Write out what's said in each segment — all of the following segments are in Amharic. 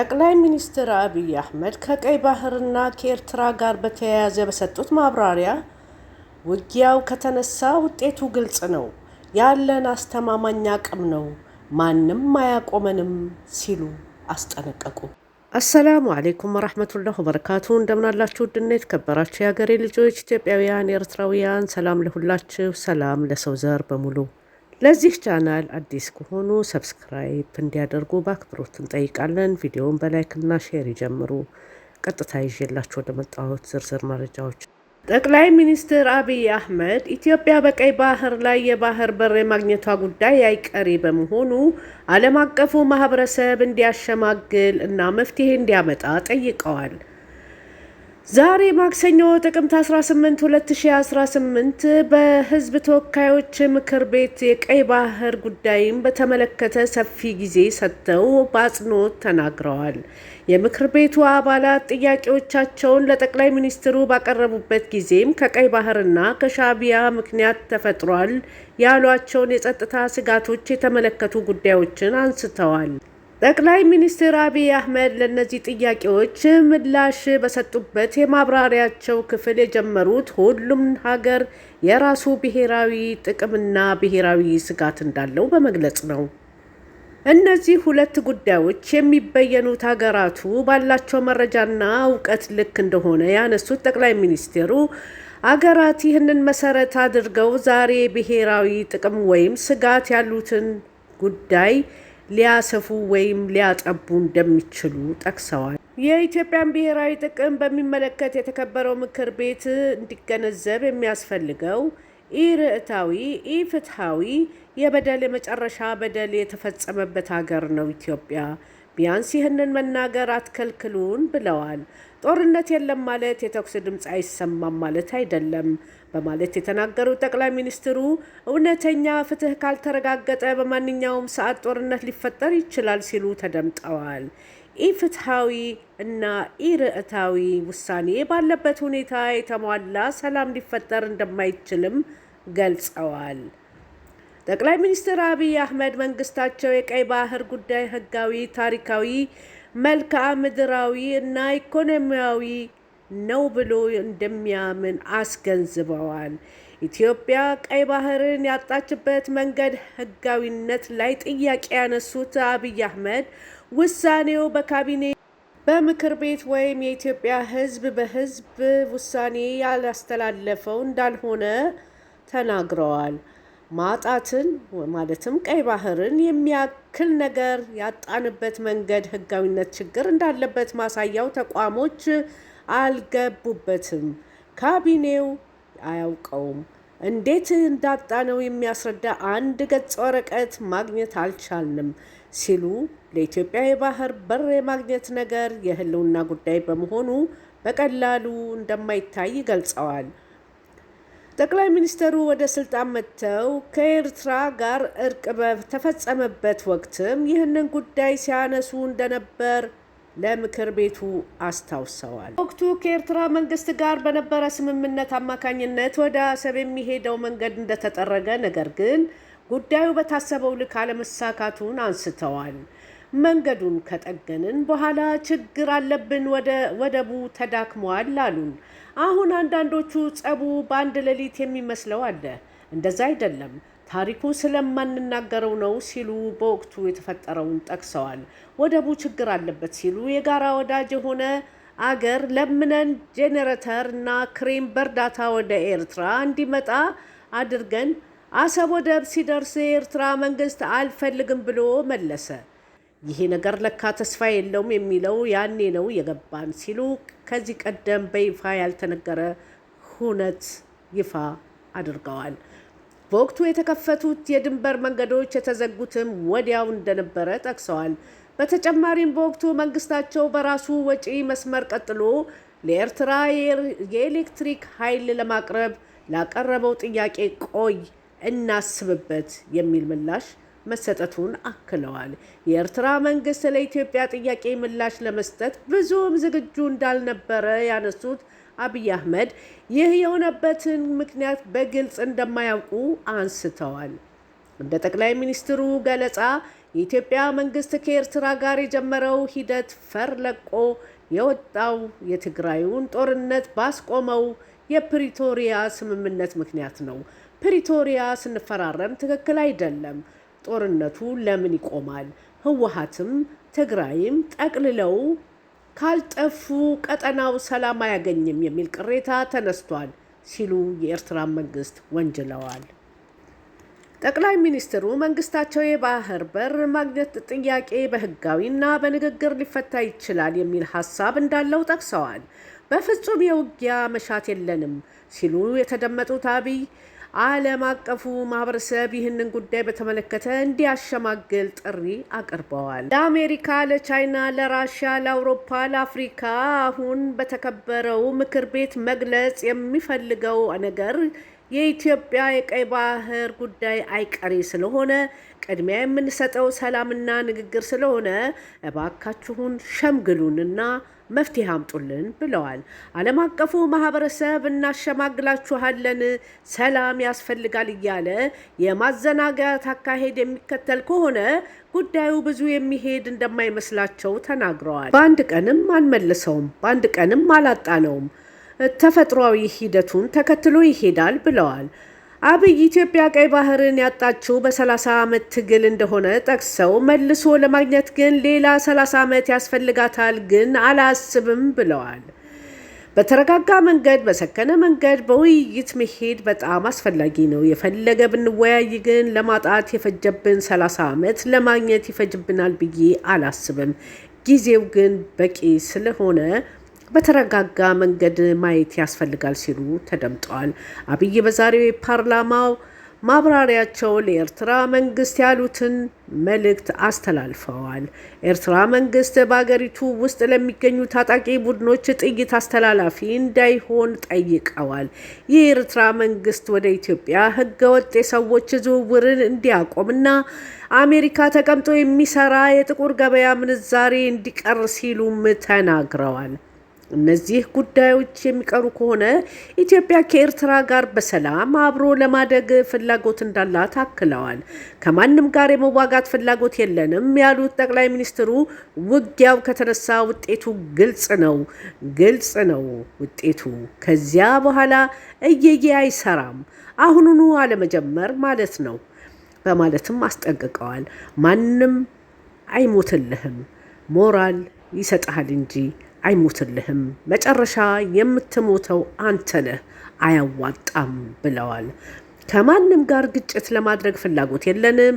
ጠቅላይ ሚኒስትር አብይ አህመድ ከቀይ ባህርና ከኤርትራ ጋር በተያያዘ በሰጡት ማብራሪያ ውጊያው ከተነሳ ውጤቱ ግልጽ ነው፣ ያለን አስተማማኝ አቅም ነው፣ ማንም አያቆመንም ሲሉ አስጠነቀቁ። አሰላሙ አሌይኩም ወረሕመቱላሁ ወበረካቱ። እንደምናላችሁ ውድና የተከበራችሁ የሀገሬ ልጆች ኢትዮጵያውያን፣ ኤርትራውያን፣ ሰላም ለሁላችሁ፣ ሰላም ለሰው ዘር በሙሉ ለዚህ ቻናል አዲስ ከሆኑ ሰብስክራይብ እንዲያደርጉ በአክብሮት እንጠይቃለን። ቪዲዮውን በላይክና ሼር ይጀምሩ። ቀጥታ ይዤላችሁ ወደ መጣሁት ዝርዝር መረጃዎች ጠቅላይ ሚኒስትር አብይ አህመድ ኢትዮጵያ በቀይ ባህር ላይ የባህር በር የማግኘቷ ጉዳይ አይቀሬ በመሆኑ ዓለም አቀፉ ማህበረሰብ እንዲያሸማግል እና መፍትሄ እንዲያመጣ ጠይቀዋል። ዛሬ ማክሰኞ ጥቅምት 18 2018 በህዝብ ተወካዮች ምክር ቤት የቀይ ባህር ጉዳይም በተመለከተ ሰፊ ጊዜ ሰጥተው በአጽንኦት ተናግረዋል። የምክር ቤቱ አባላት ጥያቄዎቻቸውን ለጠቅላይ ሚኒስትሩ ባቀረቡበት ጊዜም ከቀይ ባህርና ከሻቢያ ምክንያት ተፈጥሯል ያሏቸውን የጸጥታ ስጋቶች የተመለከቱ ጉዳዮችን አንስተዋል። ጠቅላይ ሚኒስትር አብይ አህመድ ለእነዚህ ጥያቄዎች ምላሽ በሰጡበት የማብራሪያቸው ክፍል የጀመሩት ሁሉም ሀገር የራሱ ብሔራዊ ጥቅምና ብሔራዊ ስጋት እንዳለው በመግለጽ ነው። እነዚህ ሁለት ጉዳዮች የሚበየኑት ሀገራቱ ባላቸው መረጃና እውቀት ልክ እንደሆነ ያነሱት ጠቅላይ ሚኒስትሩ አገራት ይህንን መሰረት አድርገው ዛሬ ብሔራዊ ጥቅም ወይም ስጋት ያሉትን ጉዳይ ሊያሰፉ ወይም ሊያጠቡ እንደሚችሉ ጠቅሰዋል። የኢትዮጵያን ብሔራዊ ጥቅም በሚመለከት የተከበረው ምክር ቤት እንዲገነዘብ የሚያስፈልገው ኢርዕታዊ ኢፍትሐዊ የበደል የመጨረሻ በደል የተፈጸመበት ሀገር ነው ኢትዮጵያ። ቢያንስ ይህንን መናገር አትከልክሉን ብለዋል። ጦርነት የለም ማለት የተኩስ ድምፅ አይሰማም ማለት አይደለም በማለት የተናገሩት ጠቅላይ ሚኒስትሩ እውነተኛ ፍትህ ካልተረጋገጠ በማንኛውም ሰዓት ጦርነት ሊፈጠር ይችላል ሲሉ ተደምጠዋል። ኢፍትሐዊ እና ኢርዕታዊ ውሳኔ ባለበት ሁኔታ የተሟላ ሰላም ሊፈጠር እንደማይችልም ገልጸዋል። ጠቅላይ ሚኒስትር አብይ አህመድ መንግስታቸው የቀይ ባህር ጉዳይ ህጋዊ፣ ታሪካዊ፣ መልክዓ ምድራዊ እና ኢኮኖሚያዊ ነው ብሎ እንደሚያምን አስገንዝበዋል። ኢትዮጵያ ቀይ ባህርን ያጣችበት መንገድ ህጋዊነት ላይ ጥያቄ ያነሱት አብይ አህመድ ውሳኔው በካቢኔ በምክር ቤት ወይም የኢትዮጵያ ህዝብ በህዝብ ውሳኔ ያላስተላለፈው እንዳልሆነ ተናግረዋል። ማጣትን ማለትም ቀይ ባህርን የሚያክል ነገር ያጣንበት መንገድ ህጋዊነት ችግር እንዳለበት ማሳያው ተቋሞች አልገቡበትም፣ ካቢኔው አያውቀውም። እንዴት እንዳጣነው የሚያስረዳ አንድ ገጽ ወረቀት ማግኘት አልቻልንም ሲሉ ለኢትዮጵያ የባህር በር የማግኘት ነገር የህልውና ጉዳይ በመሆኑ በቀላሉ እንደማይታይ ገልጸዋል። ጠቅላይ ሚኒስትሩ ወደ ስልጣን መጥተው ከኤርትራ ጋር እርቅ በተፈጸመበት ወቅትም ይህንን ጉዳይ ሲያነሱ እንደነበር ለምክር ቤቱ አስታውሰዋል። ወቅቱ ከኤርትራ መንግስት ጋር በነበረ ስምምነት አማካኝነት ወደ አሰብ የሚሄደው መንገድ እንደተጠረገ ነገር ግን ጉዳዩ በታሰበው ልክ አለመሳካቱን አንስተዋል። መንገዱን ከጠገንን በኋላ ችግር አለብን፣ ወደቡ ተዳክሟል አሉን። አሁን አንዳንዶቹ ጸቡ በአንድ ሌሊት የሚመስለው አለ። እንደዛ አይደለም፣ ታሪኩ ስለማንናገረው ነው ሲሉ በወቅቱ የተፈጠረውን ጠቅሰዋል። ወደቡ ችግር አለበት ሲሉ የጋራ ወዳጅ የሆነ አገር ለምነን ጄኔሬተር እና ክሬም በእርዳታ ወደ ኤርትራ እንዲመጣ አድርገን አሰብ ወደብ ሲደርስ የኤርትራ መንግስት አልፈልግም ብሎ መለሰ። ይሄ ነገር ለካ ተስፋ የለውም የሚለው ያኔ ነው የገባን ሲሉ ከዚህ ቀደም በይፋ ያልተነገረ ሁነት ይፋ አድርገዋል። በወቅቱ የተከፈቱት የድንበር መንገዶች የተዘጉትም ወዲያው እንደነበረ ጠቅሰዋል። በተጨማሪም በወቅቱ መንግስታቸው በራሱ ወጪ መስመር ቀጥሎ ለኤርትራ የኤሌክትሪክ ኃይል ለማቅረብ ላቀረበው ጥያቄ ቆይ እናስብበት የሚል ምላሽ መሰጠቱን አክለዋል። የኤርትራ መንግስት ለኢትዮጵያ ጥያቄ ምላሽ ለመስጠት ብዙም ዝግጁ እንዳልነበረ ያነሱት አብይ አህመድ ይህ የሆነበትን ምክንያት በግልጽ እንደማያውቁ አንስተዋል። እንደ ጠቅላይ ሚኒስትሩ ገለጻ የኢትዮጵያ መንግስት ከኤርትራ ጋር የጀመረው ሂደት ፈር ለቆ የወጣው የትግራዩን ጦርነት ባስቆመው የፕሪቶሪያ ስምምነት ምክንያት ነው። ፕሪቶሪያ ስንፈራረም ትክክል አይደለም። ጦርነቱ ለምን ይቆማል? ህወሀትም ትግራይም ጠቅልለው ካልጠፉ ቀጠናው ሰላም አያገኝም የሚል ቅሬታ ተነስቷል ሲሉ የኤርትራ መንግስት ወንጅለዋል። ጠቅላይ ሚኒስትሩ መንግስታቸው የባህር በር ማግኘት ጥያቄ በህጋዊ እና በንግግር ሊፈታ ይችላል የሚል ሀሳብ እንዳለው ጠቅሰዋል። በፍጹም የውጊያ መሻት የለንም ሲሉ የተደመጡት አብይ ዓለም አቀፉ ማህበረሰብ ይህንን ጉዳይ በተመለከተ እንዲያሸማግል ጥሪ አቅርበዋል። ለአሜሪካ፣ ለቻይና፣ ለራሽያ፣ ለአውሮፓ፣ ለአፍሪካ አሁን በተከበረው ምክር ቤት መግለጽ የሚፈልገው ነገር የኢትዮጵያ የቀይ ባህር ጉዳይ አይቀሬ ስለሆነ ቅድሚያ የምንሰጠው ሰላምና ንግግር ስለሆነ እባካችሁን ሸምግሉንና መፍትሄ አምጡልን ብለዋል። ዓለም አቀፉ ማህበረሰብ እናሸማግላችኋለን፣ ሰላም ያስፈልጋል እያለ የማዘናጋት አካሄድ የሚከተል ከሆነ ጉዳዩ ብዙ የሚሄድ እንደማይመስላቸው ተናግረዋል። በአንድ ቀንም አንመልሰውም፣ በአንድ ቀንም አላጣነውም ተፈጥሯዊ ሂደቱን ተከትሎ ይሄዳል ብለዋል። አብይ ኢትዮጵያ ቀይ ባህርን ያጣችው በ30 ዓመት ትግል እንደሆነ ጠቅሰው መልሶ ለማግኘት ግን ሌላ 30 ዓመት ያስፈልጋታል ግን አላስብም ብለዋል። በተረጋጋ መንገድ፣ በሰከነ መንገድ በውይይት መሄድ በጣም አስፈላጊ ነው። የፈለገ ብንወያይ ግን ለማጣት የፈጀብን 30 ዓመት ለማግኘት ይፈጅብናል ብዬ አላስብም። ጊዜው ግን በቂ ስለሆነ በተረጋጋ መንገድ ማየት ያስፈልጋል ሲሉ ተደምጠዋል። አብይ በዛሬው የፓርላማው ማብራሪያቸው ለኤርትራ መንግስት ያሉትን መልእክት አስተላልፈዋል። ኤርትራ መንግስት በአገሪቱ ውስጥ ለሚገኙ ታጣቂ ቡድኖች ጥይት አስተላላፊ እንዳይሆን ጠይቀዋል። የኤርትራ መንግስት ወደ ኢትዮጵያ ህገወጥ የሰዎች ዝውውርን እንዲያቆምና አሜሪካ ተቀምጦ የሚሰራ የጥቁር ገበያ ምንዛሬ እንዲቀር ሲሉም ተናግረዋል። እነዚህ ጉዳዮች የሚቀሩ ከሆነ ኢትዮጵያ ከኤርትራ ጋር በሰላም አብሮ ለማደግ ፍላጎት እንዳላት አክለዋል። ከማንም ጋር የመዋጋት ፍላጎት የለንም ያሉት ጠቅላይ ሚኒስትሩ ውጊያው ከተነሳ ውጤቱ ግልጽ ነው ግልጽ ነው ውጤቱ። ከዚያ በኋላ እየየ አይሰራም፣ አሁኑኑ አለመጀመር ማለት ነው በማለትም አስጠንቅቀዋል። ማንም አይሞትልህም ሞራል ይሰጥሃል እንጂ አይሞትልህም፣ መጨረሻ የምትሞተው አንተ ነህ፣ አያዋጣም ብለዋል። ከማንም ጋር ግጭት ለማድረግ ፍላጎት የለንም።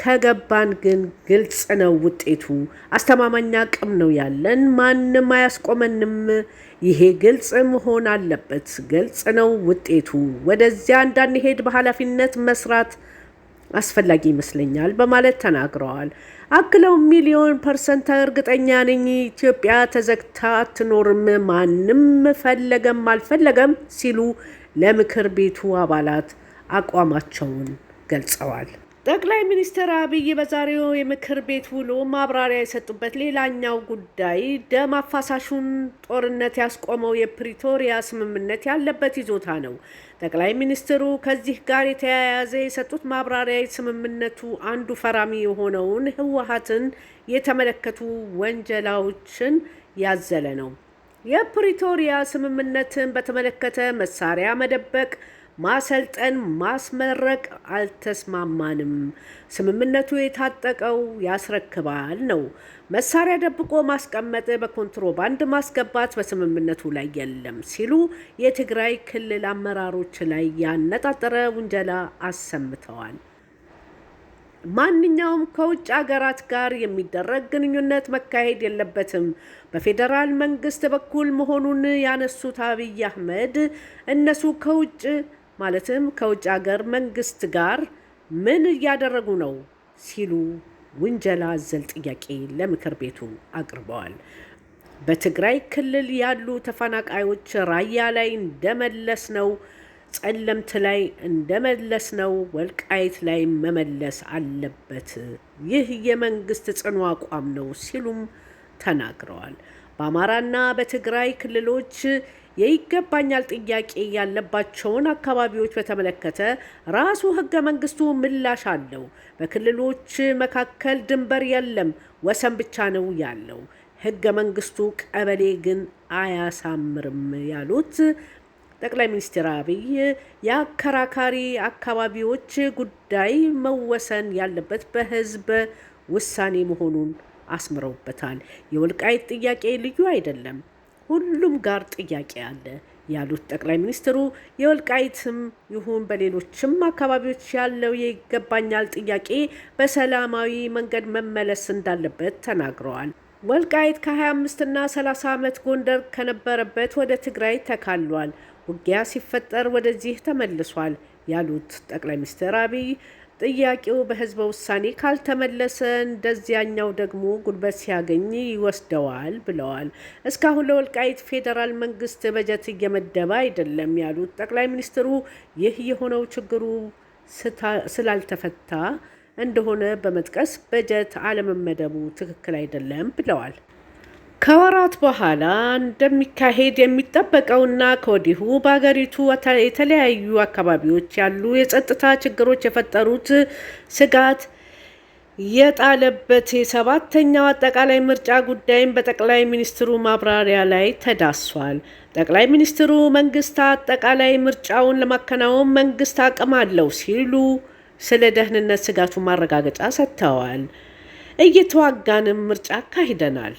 ከገባን ግን ግልጽ ነው ውጤቱ። አስተማማኝ አቅም ነው ያለን፣ ማንም አያስቆመንም። ይሄ ግልጽ መሆን አለበት። ግልጽ ነው ውጤቱ። ወደዚያ እንዳንሄድ በኃላፊነት መስራት አስፈላጊ ይመስለኛል በማለት ተናግረዋል። አክለው ሚሊዮን ፐርሰንት እርግጠኛ ነኝ ኢትዮጵያ ተዘግታ አትኖርም፣ ማንም ፈለገም አልፈለገም ሲሉ ለምክር ቤቱ አባላት አቋማቸውን ገልጸዋል። ጠቅላይ ሚኒስትር አብይ በዛሬው የምክር ቤት ውሎ ማብራሪያ የሰጡበት ሌላኛው ጉዳይ ደም አፋሳሹን ጦርነት ያስቆመው የፕሪቶሪያ ስምምነት ያለበት ይዞታ ነው። ጠቅላይ ሚኒስትሩ ከዚህ ጋር የተያያዘ የሰጡት ማብራሪያ ስምምነቱ አንዱ ፈራሚ የሆነውን ህወሓትን የተመለከቱ ወንጀላዎችን ያዘለ ነው። የፕሪቶሪያ ስምምነትን በተመለከተ መሳሪያ መደበቅ ማሰልጠን፣ ማስመረቅ አልተስማማንም። ስምምነቱ የታጠቀው ያስረክባል ነው። መሳሪያ ደብቆ ማስቀመጥ፣ በኮንትሮባንድ ማስገባት በስምምነቱ ላይ የለም ሲሉ የትግራይ ክልል አመራሮች ላይ ያነጣጠረ ውንጀላ አሰምተዋል። ማንኛውም ከውጭ ሀገራት ጋር የሚደረግ ግንኙነት መካሄድ የለበትም በፌዴራል መንግስት በኩል መሆኑን ያነሱት አብይ አህመድ እነሱ ከውጭ ማለትም ከውጭ ሀገር መንግስት ጋር ምን እያደረጉ ነው ሲሉ ውንጀላ አዘል ጥያቄ ለምክር ቤቱ አቅርበዋል። በትግራይ ክልል ያሉ ተፈናቃዮች ራያ ላይ እንደመለስ ነው፣ ጸለምት ላይ እንደመለስ ነው፣ ወልቃይት ላይ መመለስ አለበት። ይህ የመንግስት ጽኑ አቋም ነው ሲሉም ተናግረዋል። በአማራና በትግራይ ክልሎች የይገባኛል ጥያቄ ያለባቸውን አካባቢዎች በተመለከተ ራሱ ህገ መንግስቱ ምላሽ አለው። በክልሎች መካከል ድንበር የለም፣ ወሰን ብቻ ነው ያለው። ህገ መንግስቱ ቀበሌ ግን አያሳምርም ያሉት ጠቅላይ ሚኒስትር አብይ የአከራካሪ አካባቢዎች ጉዳይ መወሰን ያለበት በህዝብ ውሳኔ መሆኑን አስምረውበታል። የወልቃይት ጥያቄ ልዩ አይደለም፣ ሁሉም ጋር ጥያቄ አለ ያሉት ጠቅላይ ሚኒስትሩ የወልቃይትም ይሁን በሌሎችም አካባቢዎች ያለው የይገባኛል ጥያቄ በሰላማዊ መንገድ መመለስ እንዳለበት ተናግረዋል። ወልቃይት ከ25 እና 30 ዓመት ጎንደር ከነበረበት ወደ ትግራይ ተካሏል። ውጊያ ሲፈጠር ወደዚህ ተመልሷል ያሉት ጠቅላይ ሚኒስትር አብይ ጥያቄው በህዝበ ውሳኔ ካልተመለሰ እንደዚያኛው ደግሞ ጉልበት ሲያገኝ ይወስደዋል ብለዋል። እስካሁን ለወልቃይት ፌዴራል መንግስት በጀት እየመደበ አይደለም ያሉት ጠቅላይ ሚኒስትሩ ይህ የሆነው ችግሩ ስላልተፈታ እንደሆነ በመጥቀስ በጀት አለመመደቡ ትክክል አይደለም ብለዋል። ከወራት በኋላ እንደሚካሄድ የሚጠበቀውና ከወዲሁ በሀገሪቱ የተለያዩ አካባቢዎች ያሉ የጸጥታ ችግሮች የፈጠሩት ስጋት የጣለበት የሰባተኛው አጠቃላይ ምርጫ ጉዳይም በጠቅላይ ሚኒስትሩ ማብራሪያ ላይ ተዳሷል። ጠቅላይ ሚኒስትሩ መንግስት አጠቃላይ ምርጫውን ለማከናወን መንግስት አቅም አለው ሲሉ ስለ ደህንነት ስጋቱ ማረጋገጫ ሰጥተዋል። እየተዋጋንም ምርጫ አካሂደናል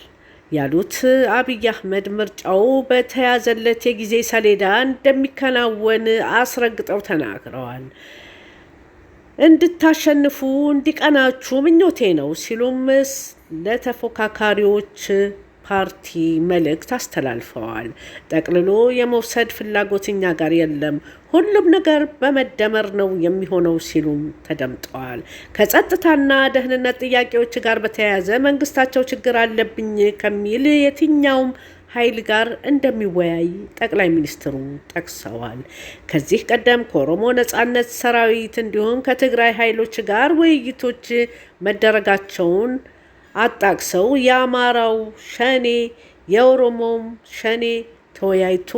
ያሉት አብይ አህመድ ምርጫው በተያዘለት የጊዜ ሰሌዳ እንደሚከናወን አስረግጠው ተናግረዋል። እንድታሸንፉ እንዲቀናችሁ ምኞቴ ነው ሲሉም ለተፎካካሪዎች ፓርቲ መልእክት አስተላልፈዋል። ጠቅልሎ የመውሰድ ፍላጎት እኛ ጋር የለም፣ ሁሉም ነገር በመደመር ነው የሚሆነው ሲሉም ተደምጠዋል። ከጸጥታና ደህንነት ጥያቄዎች ጋር በተያያዘ መንግስታቸው ችግር አለብኝ ከሚል የትኛውም ኃይል ጋር እንደሚወያይ ጠቅላይ ሚኒስትሩ ጠቅሰዋል። ከዚህ ቀደም ከኦሮሞ ነጻነት ሰራዊት እንዲሁም ከትግራይ ኃይሎች ጋር ውይይቶች መደረጋቸውን አጣቅሰው የአማራው ሸኔ የኦሮሞም ሸኔ ተወያይቶ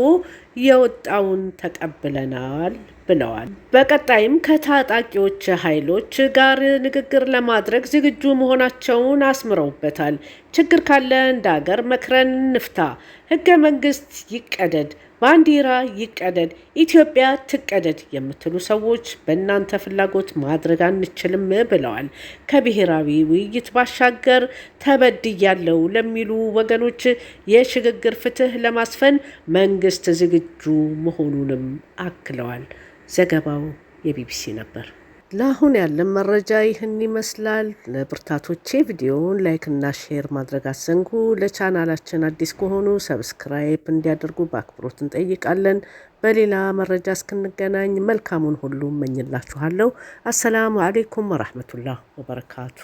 የወጣውን ተቀብለናል ብለዋል። በቀጣይም ከታጣቂዎች ኃይሎች ጋር ንግግር ለማድረግ ዝግጁ መሆናቸውን አስምረውበታል። ችግር ካለ እንደ ሀገር መክረን እንፍታ፣ ህገ መንግስት ይቀደድ ባንዲራ ይቀደድ፣ ኢትዮጵያ ትቀደድ የምትሉ ሰዎች በእናንተ ፍላጎት ማድረግ አንችልም ብለዋል። ከብሔራዊ ውይይት ባሻገር ተበድያለው ለሚሉ ወገኖች የሽግግር ፍትህ ለማስፈን መንግስት ዝግጁ መሆኑንም አክለዋል። ዘገባው የቢቢሲ ነበር። ለአሁን ያለን መረጃ ይህን ይመስላል። ለብርታቶቼ ቪዲዮውን ላይክ እና ሼር ማድረግ አትዘንጉ። ለቻናላችን አዲስ ከሆኑ ሰብስክራይብ እንዲያደርጉ በአክብሮት እንጠይቃለን። በሌላ መረጃ እስክንገናኝ መልካሙን ሁሉ እመኝላችኋለሁ። አሰላሙ አሌይኩም ወረህመቱላህ ወበረካቱ